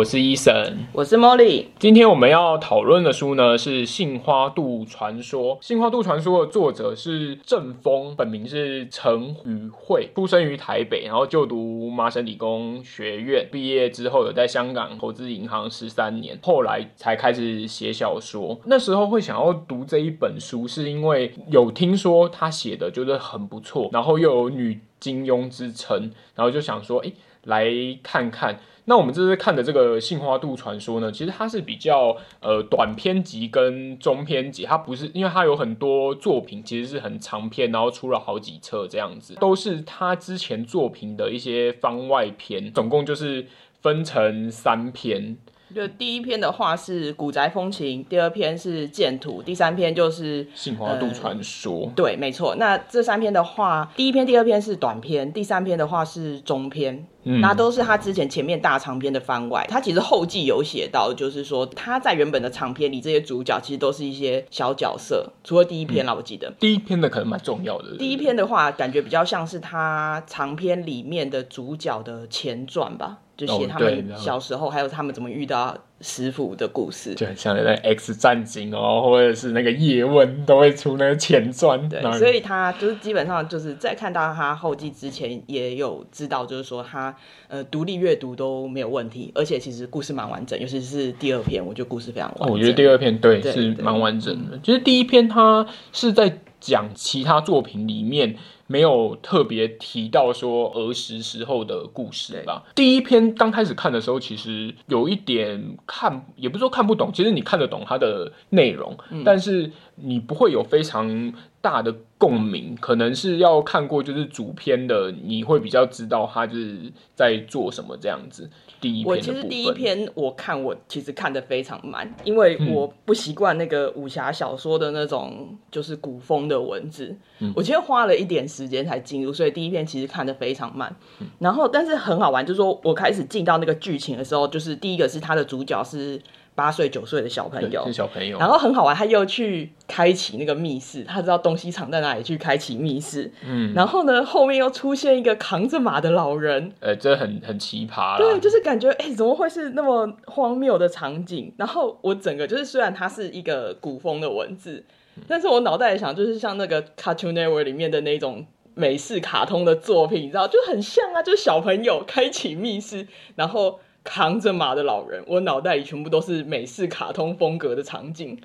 我是 Ethan，我是莫莉。今天我們要討論的書呢是《杏花渡傳說》。《杏花渡傳說》的作者是鄭豐，本名是陳宇慧，出生於台北，然後就讀麻省理工學院，畢業之後有在香港投資銀行十三年，後來才開始寫小說。那時候會想要讀這一本書，是因為有聽說他寫的就是很不錯，然後又有女金庸之稱，然後就想說，哎，來看看。那我們這次看的這個《杏花渡傳說》呢，其實它是比較呃短篇集跟中篇集，它不是，因為它有很多作品其實是很長篇，然後出了好幾冊這樣子，都是它之前作品的一些番外篇，總共就是分成三篇。就第一篇的話是古宅風情，第二篇是劍途，第三篇就是杏花渡傳說、呃。對，沒錯。那這三篇的話，第一篇、第二篇是短篇，第三篇的話是中篇。嗯，那都是他之前前面大長篇的番外。他其實後記有寫到，就是說他在原本的長篇裡，這些主角其實都是一些小角色，除了第一篇啦、啊，嗯、我記得。第一篇的可能蠻重要的。第一篇的話，感覺比較像是他長篇裡面的主角的前傳吧。就寫他們小時候，還有他們怎麼遇到。師父的故事就很像那個《X 戰警》哦，嗯、或者是那個葉問都會出那個前傳。的對。裡所以他就是基本上就是在看到他後記之前，也有知道，就是說他呃獨立閱讀都沒有問題，而且其實故事蠻完整，尤其是，是第二篇，我覺得故事非常完整。我覺得第二篇對是蠻完整的，就是第一篇他是在講其他作品裡面沒有特別提到說兒時時候的故事吧。對第一篇剛開始看的時候，其實有一點。看，也不是說看不懂，其實你看得懂它的內容，嗯、但是你不會有非常。大的共鳴，可能是要看過就是主篇的，你會比較知道他就是在做什麼這樣子。第一篇我其實第一篇我看我其實看得非常慢，因為我不習慣那個武俠小說的那種就是古風的文字，嗯、我今天花了一點時間才進入，所以第一篇其實看得非常慢。然後但是很好玩，就是說我開始進到那個劇情的時候，就是第一個是他的主角是。八歲九歲的小朋友，小朋友，然後很好玩，他又去開啟那個密室，他知道東西藏在哪裡，去開啟密室。嗯，然後呢，後面又出現一個扛着馬的老人，哎，這很很奇葩。對，就是感覺，哎，怎麼會是那麼荒謬的場景？然後我整個就是，雖然它是一個古風的文字，嗯，但是我腦袋也想就是像那個《Cartoon Network》裡面的那種美式卡通的作品，你知道，就很像啊，就是小朋友開啟密室，然後。扛着馬的老人，我腦袋裡全部都是美式卡通風格的場景。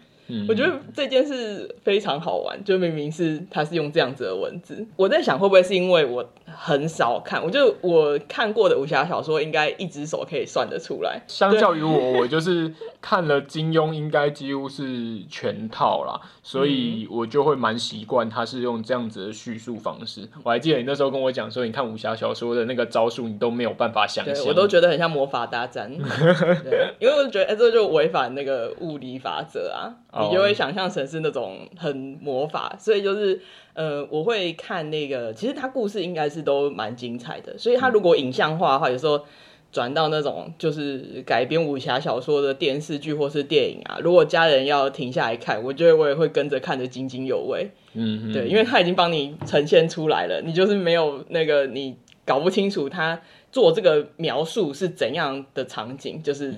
我覺得這件事非常好玩，就明明是他是用這樣子的文字，我在想會不會是因為我很少看，我就我看過的武俠小說應該一只手可以算得出來。相較於我，對我就是看了金庸應該幾乎是全套啦， 所以我就會蠻習慣他是用這樣子的敘述方式。我還記得你那時候跟我講說，你看武俠小說的那個招數你都沒有辦法想象，對，我都覺得很像魔法大戰， 因為我就覺得、欸、這就違反那個物理法則啊。你就會想象成是那種很魔法，所以就是呃，我會看那個，其實它故事應該是都蠻精彩的。所以它如果影像化的話，嗯、有時候轉到那種就是改編武俠小說的電視劇或是電影啊，如果家人要停下來看，我覺得我也會跟着看得津津有味。嗯哼，對，因為它已經幫你呈現出來了，你就是沒有那個你搞不清楚它做這個描述是怎樣的場景，就是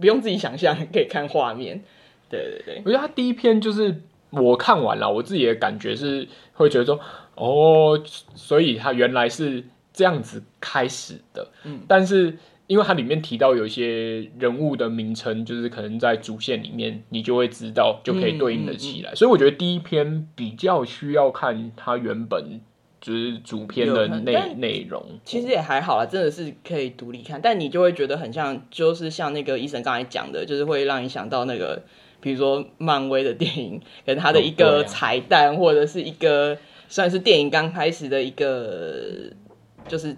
不用自己想象，可以看畫面。對對對，我覺得他第一篇就是我看完了，我自己的感覺是會覺得說，哦，所以他原來是這樣子開始的。嗯，但是因為它裡面提到有一些人物的名稱，就是可能在主線裡面你就會知道，嗯、就可以對應的起來。嗯嗯嗯、所以我覺得第一篇比較需要看它原本就是主篇的內內容。嗯、其實也還好啦，真的是可以獨立看，嗯、但你就會覺得很像，就是像那個醫生剛才講的，就是會讓你想到那個。比如說漫威的電影，跟他的一個彩蛋，或者是一個算是電影剛開始的一個，就是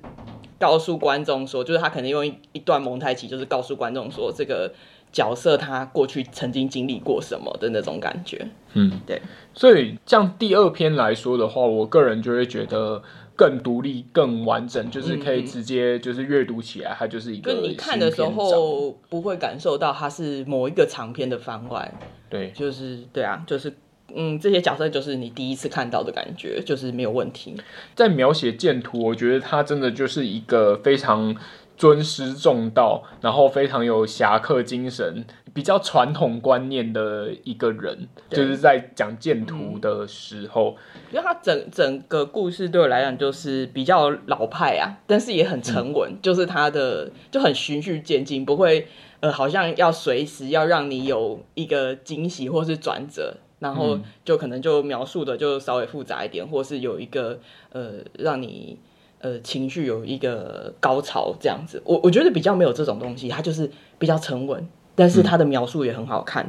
告訴觀眾說，就是他可能用一段蒙太奇，就是告訴觀眾說這個角色他過去曾經經歷過什麼的那種感覺。嗯，對。所以像第二篇來說的話，我個人就會覺得。更獨立、更完整，就是可以直接就是閱讀起來，嗯嗯，它就是一個。就你看的時候，不會感受到它是某一個長篇的番外。對，就是對啊，就是嗯，這些角色就是你第一次看到的感覺，就是沒有問題。在描寫劍圖，我覺得他真的就是一個非常尊師重道，然後非常有俠客精神。比較傳統觀念的一個人，就是在講劍圖的時候，嗯、因為他整整個故事對我來講就是比較老派啊，但是也很沉穩，嗯、就是他的就很循序漸進，不會呃好像要隨時要讓你有一個驚喜或是轉折，然後就可能就描述的就稍微複雜一點，或是有一個呃讓你呃情緒有一個高潮這樣子，我我覺得比較沒有這種東西，他就是比較沉穩。但是他的描述也很好看，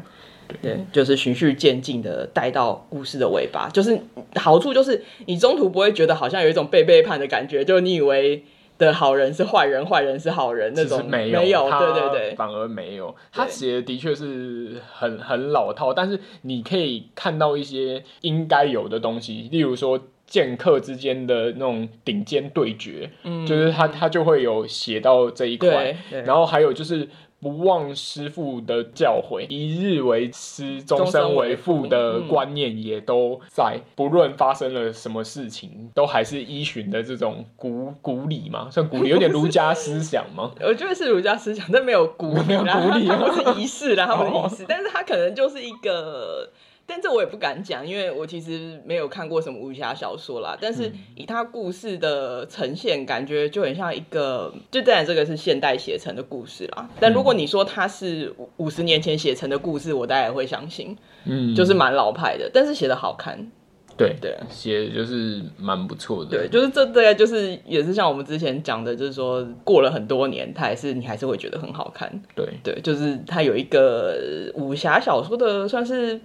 嗯、對，就是循序漸進的帶到故事的尾巴，就是好處就是你中途不會覺得好像有一種被背、背叛的感覺，就你以為的好人是壞人，壞人是好人那種，沒有，對對對，反而沒有。他寫的的確是很很老套，但是你可以看到一些應該有的東西，例如說劍客之間的那種頂尖對決，嗯，就是他他就會有寫到這一塊，對對，然後還有就是。不忘師父的教誨，一日為師，終生為父的觀念也都在。不論發生了什麼事情，都還是依循的這種古古禮嘛，像古禮有點儒家思想嘛。 我覺得是儒家思想，但沒有古禮沒有古禮、啊，不是儀式啦，它不是意思，啊、但是他可能就是一個。但這我也不敢講，因為我其實沒有看過什麼武俠小說啦。但是以它故事的呈現，感覺就很像一個，就當然這個是現代寫成的故事啦。但如果你說它是五十年前寫成的故事，嗯，我大概也會相信，嗯，就是蠻老派的。但是寫的好看，對對，寫的就是蠻不錯的。對，就是這對啊，就是也是像我們之前講的，就是說過了很多年，它還是你還是會覺得很好看。對對，就是它有一個武俠小說的算是。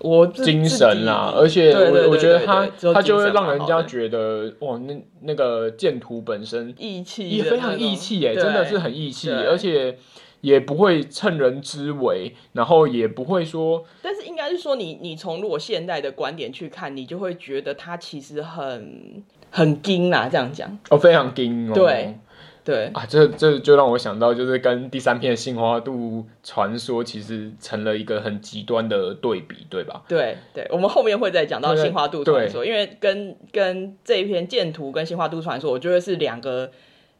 我精神啦、啊，而且我對對對對對，我覺得他對對對，他就會讓人家覺得哇，那那個劍圖本身義氣，非常義氣耶義氣哎，真的是很義氣，對而且也不會趁人之危，然後也不會說。但是應該是說你，你你從我現代的觀點去看，你就會覺得他其實很很硬啦，這樣講哦，非常硬哦，對。對啊，這這就讓我想到，就是跟第三篇《杏花渡傳說》其實成了一個很極端的對比，對吧？對對，我們後面會再講到《杏花渡傳說》，因為跟跟這一篇《劍圖》跟《杏花渡傳說》，我覺得是兩個，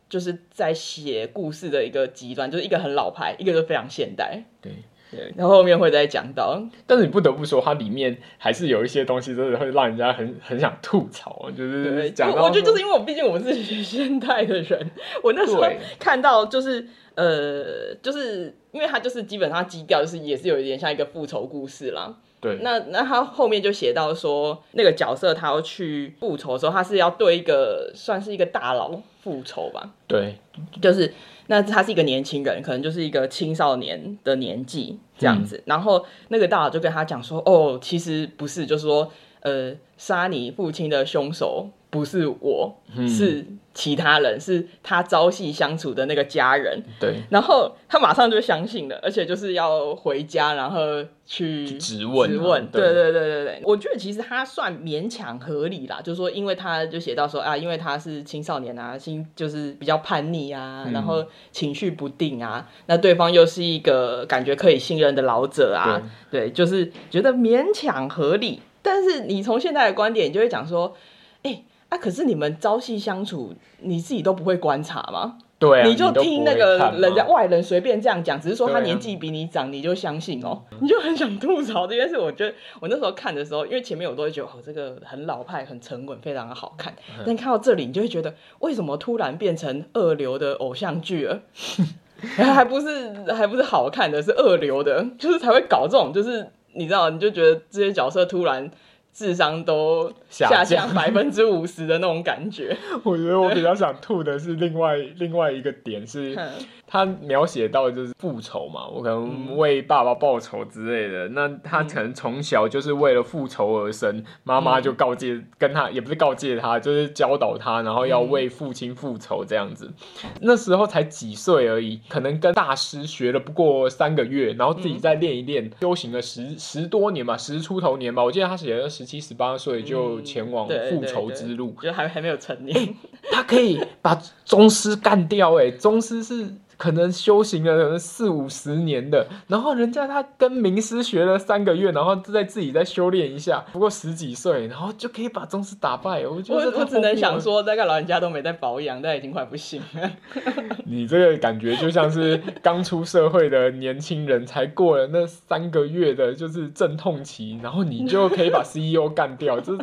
就是在寫故事的一個極端，就是一個很老牌，一個就非常現代。對。對，然後後面會再講到，但是你不得不說，它裡面還是有一些東西，真的會讓人家很很想吐槽，就是講到，對，我，我覺得就是因為我畢竟我們是現代的人，我那時候看到就是對呃，就是因為它就是基本上基調就是也是有一點像一個復仇故事啦。對。那那他後面就寫到說，那個角色他要去復仇的時候，他是要對一個算是一個大佬復仇吧？對，就是。那他是一個年輕人，可能就是一個青少年的年紀這樣子。嗯。然後那個大佬就跟他講說：“哦，其實不是，就是說，呃，殺你父親的凶手。”不是我，嗯、是其他人，是他朝夕相處的那個家人。對，然後他馬上就相信了，而且就是要回家，然後去質問、啊。質問，對對對對、對，我覺得其實他算勉強合理啦，就是說，因為他就寫到說啊，因為他是青少年啊，心就是比較叛逆啊，嗯、然後情緒不定啊，那對方又是一個感覺可以信任的老者啊，對、對，就是覺得勉強合理。但是你從現在的觀點，你就會講說。那、啊、可是你們朝夕相處，你自己都不會觀察嗎？對、啊，你就聽那個人家外人隨便這樣講，只是說他年紀比你長，對啊、你就相信哦，嗯、你就很想吐槽這件事。我覺得我那時候看的時候，因為前面我都會覺得哦，這個很老派、很沉穩，非常的好看。嗯、但看到這裡，你就會覺得為什麼突然變成二流的偶像劇了？ 還不是還不是好看的是二流的，就是才會搞這種，就是你知道，你就覺得這些角色突然。智商都下降百分之五十的那種感覺。下見 我覺得我比較想吐的是另外 另外一個點是。嗯。他描寫到就是復仇嘛，我可能為爸爸報仇之類的。嗯、那他可能從小就是為了復仇而生，媽媽、嗯、就告誡跟他，也不是告誡他，就是教導他，然後要為父親復仇這樣子。嗯、那時候才幾歲而已，可能跟大師學了不過三個月，然後自己再練一練，嗯、修行了十十多年吧，十出頭年吧。我記得他寫的十七十八歲就前往復仇之路，嗯、對對對，就還還沒有成年。欸、他可以把宗師幹掉，欸，哎，宗師是。可能修行了四五十年的，然後人家他跟名師學了三個月，然後再自己再修煉一下，不過十幾歲，然後就可以把宗師打敗。我我我只能想說，大概老人家都沒在保養，但已經快不行了。 你這個感覺就像是剛出社會的年輕人，才過了那三個月的就是陣痛期，然後你就可以把 CEO 幹掉， 這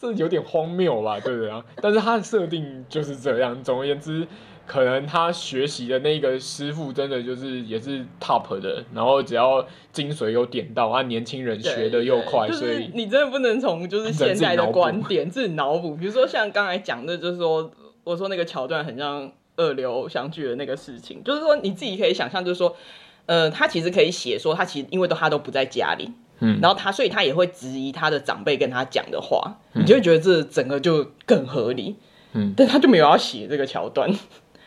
這有點荒謬吧？對不對啊？但是他的設定就是這樣。總而言之。可能他學習的那個師傅真的就是也是 top 的，然後只要精髓有點到他，啊、年輕人學得又快，對所以你真的不能從就是現在的觀點自己腦補。比如說像剛才講的，就是說我說那個橋段很像二流偶像劇的那個事情，就是說你自己可以想象就是說呃，他其實可以寫說他其實因為都他都不在家裡，嗯，然後他所以他也會質疑他的長輩跟他講的話，嗯，你就會覺得這整個就更合理，嗯，但他就沒有要寫這個橋段。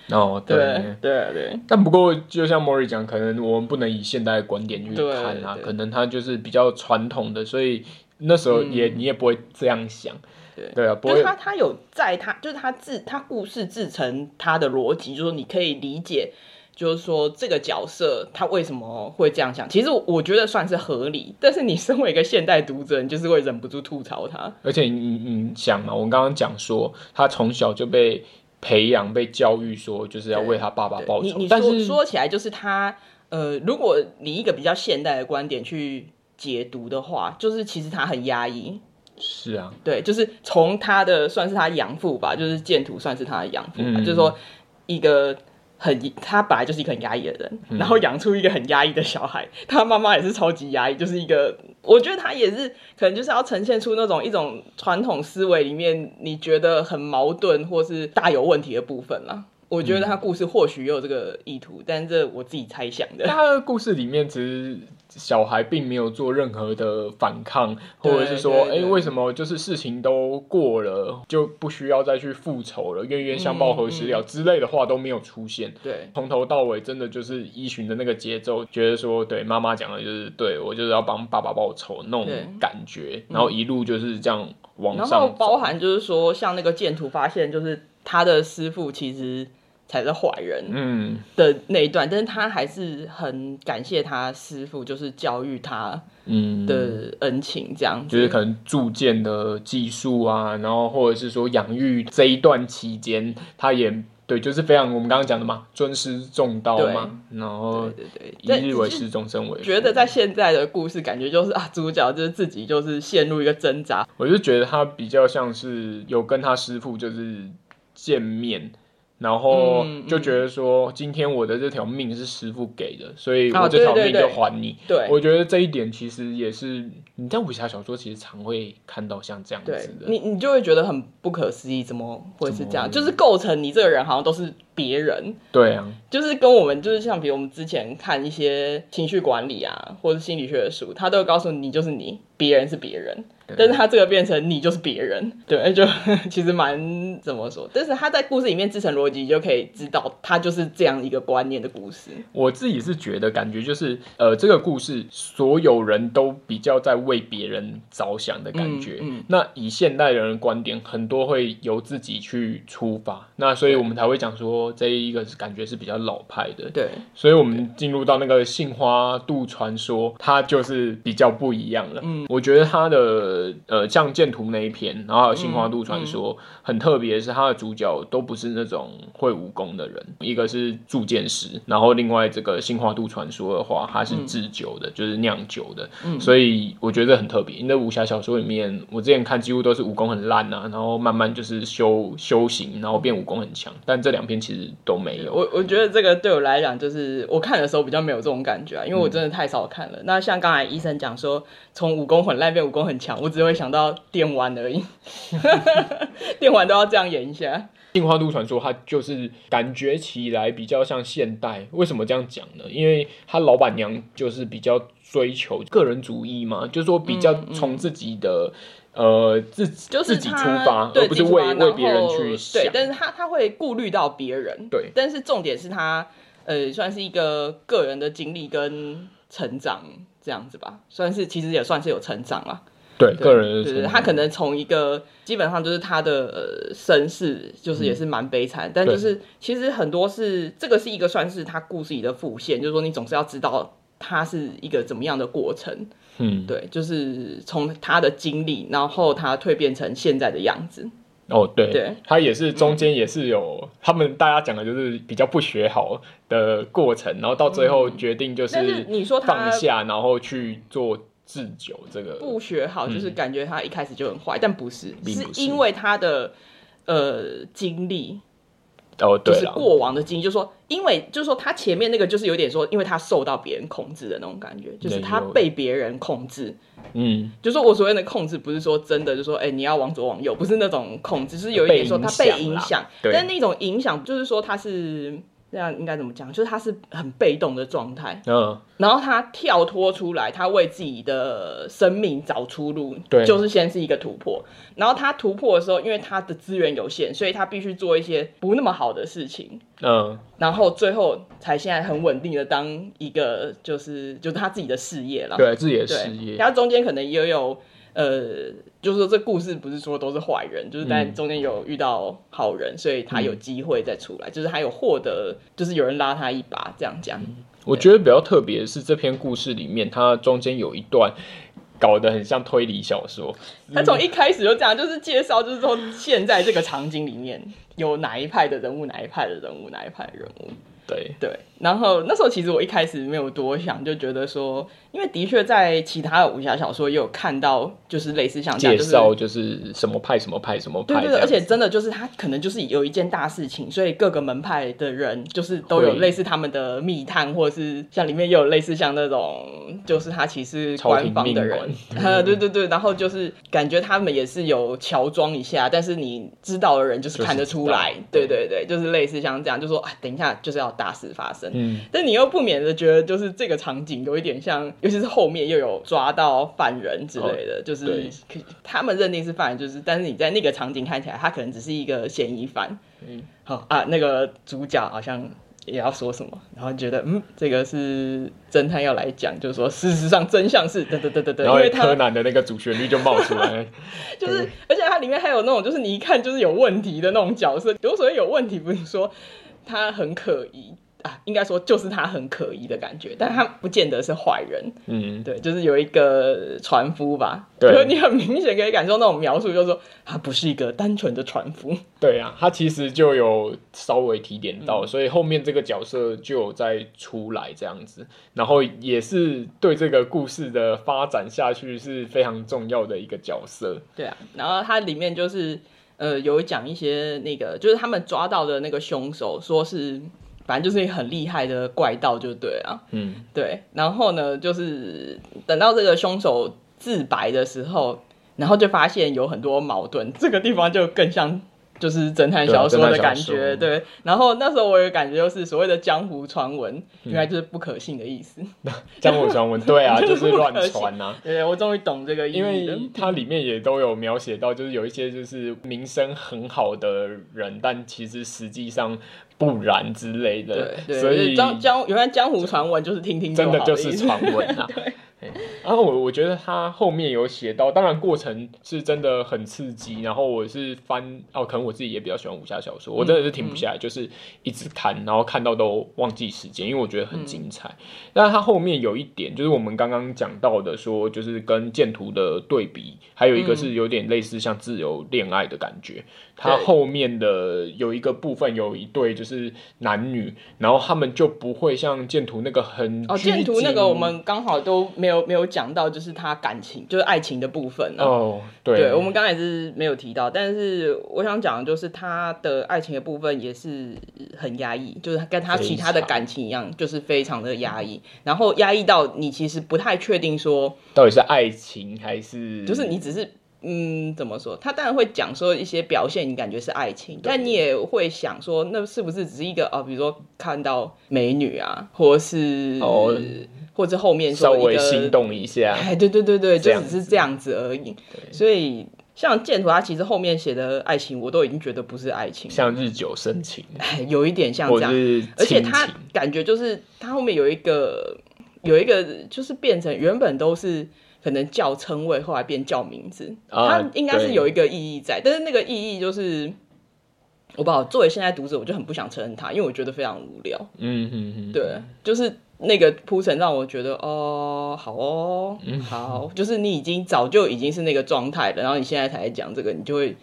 哦，對對對，對對但不過就像 Mori 講，可能我們不能以現代觀點去看他、啊，可能他就是比較傳統的，所以那時候也、嗯、你也不會這樣想，對對啊，不會。他他有在他就是他自他故事自成他的邏輯，就說、是、你可以理解，就是說這個角色他為什麼會這樣想，其實我覺得算是合理。但是你身為一個現代讀者，你就是會忍不住吐槽他。而且你你想嘛，我們剛剛講說他從小就被。培養被教育，說就是要為他爸爸報仇。你你說，但是說起來就是他呃，如果你一個比較現代的觀點去解讀的話，就是其實他很壓抑。是啊，對，就是從他的算是他養父吧，就是建圖算是他的養父，嗯、就是說一個。很，他本來就是一個很壓抑的人，嗯、然後養出一個很壓抑的小孩，他媽媽也是超級壓抑，就是一個，我覺得他也是可能就是要呈現出那種一種傳統思維裡面你覺得很矛盾或是大有問題的部分嘛。我覺得他故事或許也有這個意圖，但這我自己猜想的。他的故事裡面只是。小孩並沒有做任何的反抗，或者是說，哎、欸，為什麼就是事情都過了就不需要再去復仇了？冤冤相報何時了之類的話都沒有出現。對，從頭到尾真的就是依循的那個節奏，覺得說，對媽媽講的就是，對我就是要幫爸爸報仇那種感覺，對嗯、然後一路就是這樣往上。然後包含就是說，像那個劍圖發現，就是他的師傅其實。才是壞人，嗯的那一段，嗯、但是他還是很感謝他師傅，就是教育他嗯，嗯的恩情，這樣子，就是可能鑄劍的技術啊，然後或者是說養育這一段期間，他也對，就是非常我們剛剛講的嘛，尊師重道嘛，對然後對對對，一日為師，終身為覺得在現在的故事，感覺就是啊，主角就是自己就是陷入一個掙扎，我就覺得他比較像是有跟他師傅就是見面。然後就覺得說，今天我的這條命是師父給的，嗯嗯、所以我這條命就還你。啊、對，對，對，對，我覺得這一點其實也是你在武俠小說其實常會看到像這樣子的，你你就會覺得很不可思議，怎麼會是這樣？就是構成你這個人好像都是。別人。對啊，就是跟我們就是像，比如我們之前看一些情緒管理啊，或者是心理學的書，他都會告訴你，就是你別人是別人，對但是他這個變成你就是別人，對，就呵呵其實蠻怎麼說？但是他在故事裡面自成邏輯，就可以知道他就是這樣一個觀念的故事。我自己是覺得感覺就是，呃，這個故事所有人都比較在為別人着想的感覺。嗯，嗯，那以現代人的觀點，很多會由自己去出發，那所以我們才會講說。這一個是感覺是比較老派的，對，所以我們進入到那個《杏花渡傳說》對，它就是比較不一樣了。嗯，我覺得它的呃《將劍圖》那一篇，然後還有《杏花渡傳說》嗯嗯、很特別的是它的主角都不是那種會武功的人，一個是鑄劍師，然後另外這個《杏花渡傳說》的話，它是制酒的，嗯、就是釀酒的，嗯、所以我覺得很特別。因為武俠小說裡面，我之前看幾乎都是武功很爛啊，然後慢慢就是修修行，然後變武功很強，但這兩篇其實。都沒有，我我覺得這個對我來講，就是我看的時候比較沒有這種感覺，啊，因為我真的太少看了。嗯、那像剛才醫生講說，從武功很爛變武功很強，我只會想到電玩而已， 電玩都要這樣演一下。《杏花渡傳說》它就是感覺起來比較像現代，為什麼這樣講呢？因為他老板娘就是比較追求個人主義嘛，就是說比較從自己的，嗯。嗯呃，自己就是自己出發，而不是為為別人去想。對，但是他他會顧慮到別人。對，但是重點是他，呃，算是一個個人的經歷跟成長這樣子吧，算是其實也算是有成長啦。對，個人，是他可能從一個基本上就是他的身世，就是也是蠻悲慘，但就是其實很多是這個是一個算是他故事裡的副線，就是說你總是要知道。他是一個怎麼樣的過程？嗯，對，就是從他的經歷，然後他蛻變成現在的樣子。哦，對，對，他也是中間也是有、嗯、他們大家講的就是比較不學好的過程，然後到最後決定就是你說放下，然後去做製酒這個。不學好就是感覺他一開始就很壞，嗯、但不是，不是，是因為他的呃經歷。哦，oh, 對。就是過往的經歷，就是、說，因為就是說，他前面那個就是有點說，因為他受到別人控制的那種感覺，就是他被別人控制。嗯，就是說我所謂的控制，不是說真的，就是說，哎、欸，你要往左往右，不是那種控制，是有一點說他被影響，影響。對。但那種影響就是說他是。這樣應該怎麼講？就是他是很被動的狀態，嗯，uh, 然後他跳脫出來，他為自己的生命找出路，對，就是先是一個突破。然後他突破的時候，因為他的資源有限，所以他必須做一些不那麼好的事情，嗯，uh, 然後最後才現在很穩定的當一個，就是就是他自己的事業了，對，自己的事業。他中間可能也有，有呃。就是說，這故事不是說都是壞人，就是但中間有遇到好人，嗯、所以他有機會再出來，嗯、就是還有獲得，就是有人拉他一把，這樣講。嗯、對我覺得比較特別的是這篇故事裡面，它中間有一段搞得很像推理小說。他從一開始就這樣，就是介紹，就是說現在這個場景裡面有哪一派的人物，哪一派的人物，哪一派的人物。對對。對然後那時候其實我一開始沒有多想，就覺得說，因為的確在其他的武俠小說也有看到，就是類似像、就是、介紹就是什麼派什麼派什麼派，對對，對對，而且真的就是他可能就是有一件大事情，所以各個門派的人就是都有類似他們的密探，對或者是像裡面也有類似像那種就是他其實官方的人， 對對對，然後就是感覺他們也是有喬裝一下，但是你知道的人就是看得出來，對對對，對就是類似像這樣，就說啊、哎，等一下就是要大事發生。嗯，但你又不免的覺得，就是這個場景有一點像，尤其是後面又有抓到犯人之類的，哦、就是對他們認定是犯人，就是，但是你在那個場景看起來，他可能只是一個嫌疑犯。嗯對，好啊，那個主角好像也要說什麼，然後覺得，嗯，這個是偵探要來講，就是說，事實上真相是，得得得得然後得得因為柯南的那個主旋律就冒出來， 就是，對而且它裡面還有那種，就是你一看就是有問題的那種角色，有所謂有問題，不是說他很可疑。啊、應該說就是他很可疑的感覺，但他不見得是壞人。嗯，對，就是有一個船夫吧。對，你很明顯可以感受那種描述，就是說他不是一個單純的船夫。對啊，他其實就有稍微提點到，嗯、所以後面這個角色就有再出來這樣子，然後也是對這個故事的發展下去是非常重要的一個角色。對啊，然後它裡面就是呃有講一些那個，就是他們抓到的那個兇手，說是。反正就是一個很厲害的怪盜就對啊。嗯，對，然後呢，就是等到這個兇手自白的時候，然後就發現有很多矛盾，這個地方就更像。就是偵探小說的感覺，對，對。然後那時候我也感覺就是所謂的江湖傳聞，原來、嗯、就是不可信的意思。江湖傳聞，對啊， 就、是就是亂傳啊。對，我終於懂這個意思。因為它裡面也都有描寫到，就是有一些就是名聲很好的人，但其實實際上不然之類的。嗯、對對，所以江江，原來江湖傳聞就是聽聽的，真的就是傳聞啊。 然後我我覺得他後面有寫到，當然過程是真的很刺激。然後我是翻哦，可能我自己也比較喜歡武俠小說，嗯、我真的是停不下來，嗯、就是一直看，然後看到都忘記時間，因為我覺得很精彩。嗯、但是他後面有一點，就是我們剛剛講到的說，說就是跟劍圖的對比，還有一個是有點類似像自由戀愛的感覺。嗯他後面的有一個部分，有一對就是男女，然後他們就不會像劍圖那個很哦，劍圖那個我們剛好都沒有沒有講到，就是他感情就是愛情的部分哦，哦對，對，我們剛才是沒有提到，但是我想講的就是他的愛情的部分也是很壓抑，就是跟他其他的感情一樣，就是非常的壓抑，嗯、然後壓抑到你其實不太確定說到底是愛情還是就是你只是。嗯，怎麼說？他當然會講說一些表現，你感覺是愛情，對但你也會想說，那是不是只是一個哦？比如說看到美女啊，或是、哦、或者後面稍微心動一下，哎，對對對對，就只是這樣子而已。對所以像《劍圖》他其實後面寫的愛情，我都已經覺得不是愛情，像日久生情、哎，有一點像這樣，而且他感覺就是他後面有一個有一個就是變成原本都是。可能叫稱謂，後來變叫名字，oh, 它應該是有一個意義在，對但是那個意義就是，我把我作為現在讀者，我就很不想承認他，因為我覺得非常無聊。嗯嗯，對，就是那個鋪陳讓我覺得哦，好哦，好，嗯、哼就是你已經早就已經是那個狀態了，然後你現在才講這個，你就會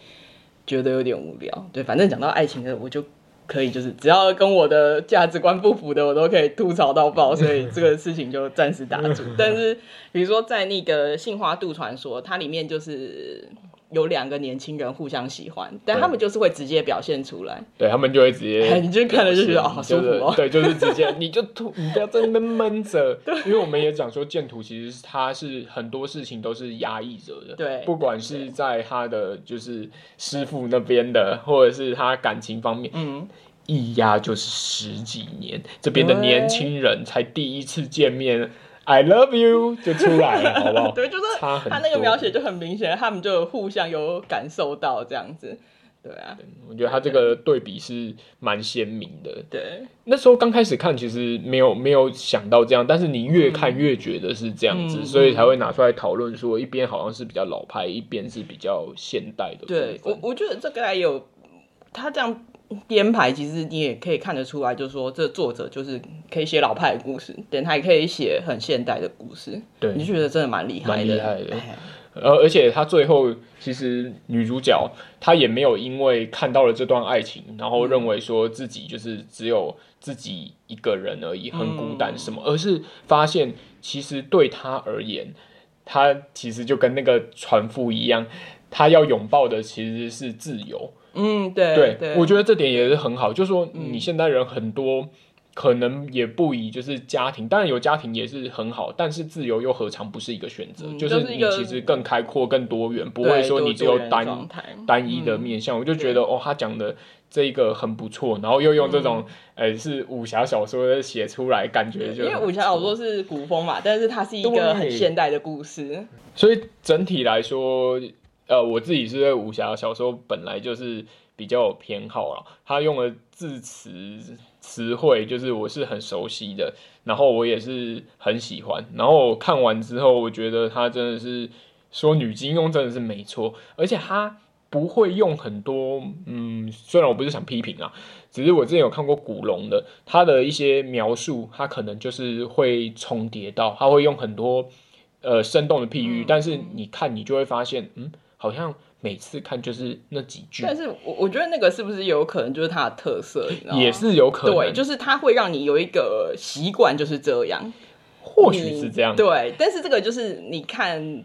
覺得有點無聊。對，反正講到愛情的，我就。可以，就是只要跟我的價值觀不符的，我都可以吐槽到爆，所以這個事情就暫時打住。 但是，比如說在那個《杏花渡傳說》，它裡面就是。有兩個年輕人互相喜歡，但他們就是會直接表現出來，嗯、對他們就會直接，你就看了就覺得啊，好舒服、哦就是、對，就是直接， 你就突，你不要在那悶悶着。對因為我們也講說，建圖其實他是很多事情都是壓抑着的，對，不管是在他的就是師傅那邊的，對或者是他感情方面，嗯，一壓就是十幾年，這邊的年輕人才第一次見面。I love you 就出來了， 好不好？對，就是他那個描寫就很明顯，他們就互相有感受到這樣子，對啊。對，我覺得他這個對比是蠻鮮明的。對，那時候剛開始看，其實沒有沒有想到這樣，但是你越看越覺得是這樣子，嗯，所以才會拿出來討論，說一邊好像是比較老派，一邊是比較現代的。對，我我覺得這個還有他這樣。編排，其實你也可以看得出來，就是說這作者就是可以寫老派的故事，但他也可以寫很現代的故事。對，你就覺得真的蠻厲害，厲害的。而、哎呃、而且他最後其實女主角她也沒有因為看到了這段愛情，然後認為說自己就是只有自己一個人而已，很孤單什麼，嗯、而是發現其實對他而言，他其實就跟那個船夫一樣，他要擁抱的其實是自由。嗯，對對，我覺得這點也是很好，就是說你現代人很多，可能也不以就是家庭，當然有家庭也是很好，但是自由又何嘗不是一個選擇？就是你其實更開闊、更多元，不會說你只有單單一的面向。我就覺得哦，他講的這個很不錯，然後又用這種呃，是武俠小說寫出來，感覺就因為武俠小說是古風嘛，但是它是一個很現代的故事，所以整體來說。呃，我自己是對武俠的小說本來就是比較有偏好了，他用了字詞詞彙就是我是很熟悉的，然後我也是很喜歡，然後看完之後，我覺得他真的是說女金庸真的是沒錯，而且他不會用很多，嗯，雖然我不是想批評啊，只是我之前有看過古龍的，他的一些描述，他可能就是會重疊到，他會用很多呃生動的譬喻，但是你看你就會發現，嗯。好像每次看就是那幾句，但是我我覺得那個是不是有可能就是它的特色，也是有可能，對，就是它會讓你有一個習慣，就是這樣，或許是這樣，嗯，對，但是這個就是你看。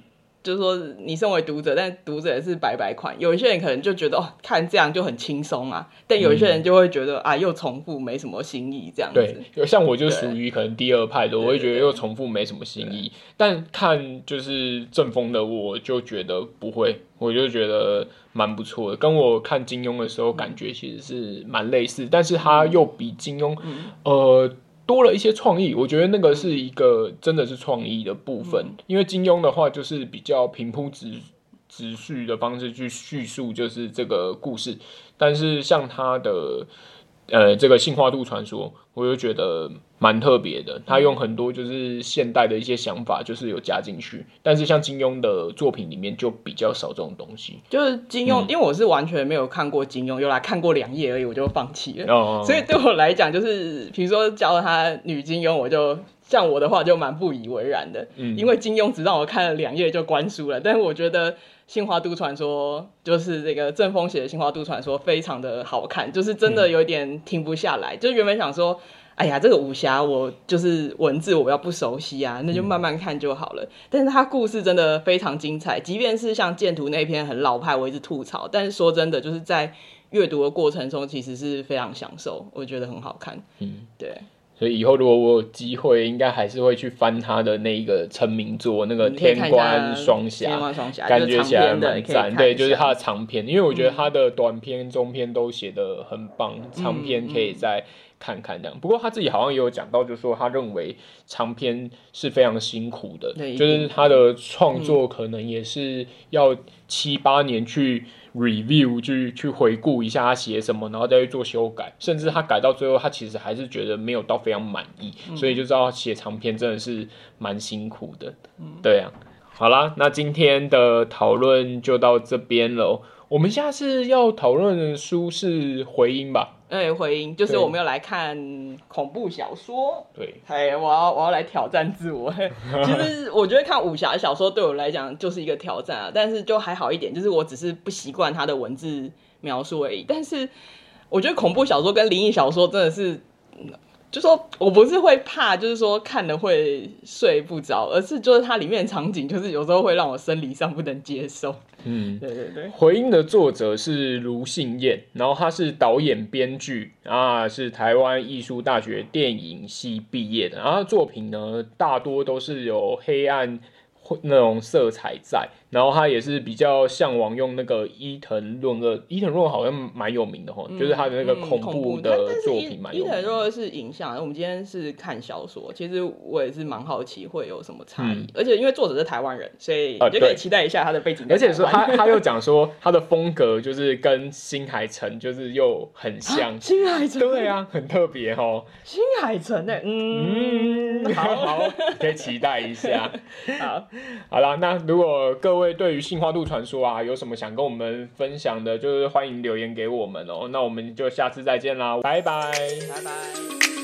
就是說，你身為讀者，但讀者也是百百款。有一些人可能就覺得哦，看這樣就很輕鬆啊，但有一些人就會覺得、嗯、啊，又重複，沒什麼新意這樣子。對，像我就屬於可能第二派的，對我會覺得又重複，沒什麼新意。對對對對，但看就是鄭豐的，我就覺得不會，我就覺得蠻不錯的。跟我看金庸的時候感覺其實是蠻類似，但是他又比金庸，嗯、呃。多了一些創意，我覺得那個是一個真的是創意的部分，嗯、因為金庸的話就是比較平鋪直直敘的方式去敘述，就是這個故事，但是像他的。呃，這個《杏花渡傳說》，我就覺得蠻特別的。他用很多就是現代的一些想法，就是有加進去。但是像金庸的作品裡面就比較少這種東西。就是金庸，嗯、因為我是完全沒有看過金庸，又來看過兩頁而已，我就放棄了。哦、所以對我來講，就是比如說教了他女金庸，我就。像我的話就蠻不以為然的，嗯、因為金庸只讓我看了兩頁就關書了。但是我覺得《杏花渡傳說》就是這個鄭豐寫的《杏花渡傳說》非常的好看，就是真的有點停不下來。嗯、就原本想說，哎呀，這個武俠我就是文字我要不熟悉啊，那就慢慢看就好了。嗯、但是它故事真的非常精彩，即便是像劍圖那篇很老派，我一直吐槽。但是說真的，就是在閱讀的過程中，其實是非常享受，我覺得很好看。嗯，對。所以以後如果我有機會，應該還是會去翻他的那個成名作，那個《天觀雙俠》，感覺起來蠻讚。對，就是他的長篇，因為我覺得他的短篇、中篇都寫的很棒，嗯、長篇可以再看看這樣。嗯嗯，不過他自己好像也有講到，就是說他認為長篇是非常辛苦的，對就是他的創作可能也是要七八年去。review 去去回顧一下他寫什麼，然後再去做修改，甚至他改到最後，他其實還是覺得沒有到非常滿意，嗯、所以就知道寫長篇真的是蠻辛苦的。嗯、對啊，好啦，那今天的討論就到這邊嘍。我們下次要討論的書是回音吧？哎、欸，回音就是我們要來看恐怖小說。對，嘿，我要我要來挑戰自我。 其實我覺得看武俠小說對我來講就是一個挑戰啊，但是就還好一點，就是我只是不習慣它的文字描述而已。但是我覺得恐怖小說跟靈異小說真的是。嗯就說我不是會怕，就是說看了會睡不着，而是就是它裡面的場景，就是有時候會讓我生理上不能接受。嗯，對對對。回應的作者是盧信燕，然後他是導演、編劇啊，是台灣藝術大學電影系畢業的，然後作品呢大多都是有黑暗那種色彩在。然後他也是比較嚮往用那個伊藤潤的，伊藤潤好像蠻有名的哦，嗯、就是他的那個恐怖的作品蠻。伊藤潤是影像，我們今天是看小說，其實我也是蠻好奇會有什麼差異，嗯、而且因為作者是台灣人，所以就可以期待一下他的背景、呃。而且說他他又講說他的風格就是跟新海誠就是又很像，啊、新海誠對啊，很特別哦。新海誠呢，嗯嗯，好好， 可以期待一下。好，好了，那如果各位。各位對於杏花渡傳說啊，有什麼想跟我們分享的，就是歡迎留言給我們哦、喔。那我們就下次再見啦，拜拜，拜拜。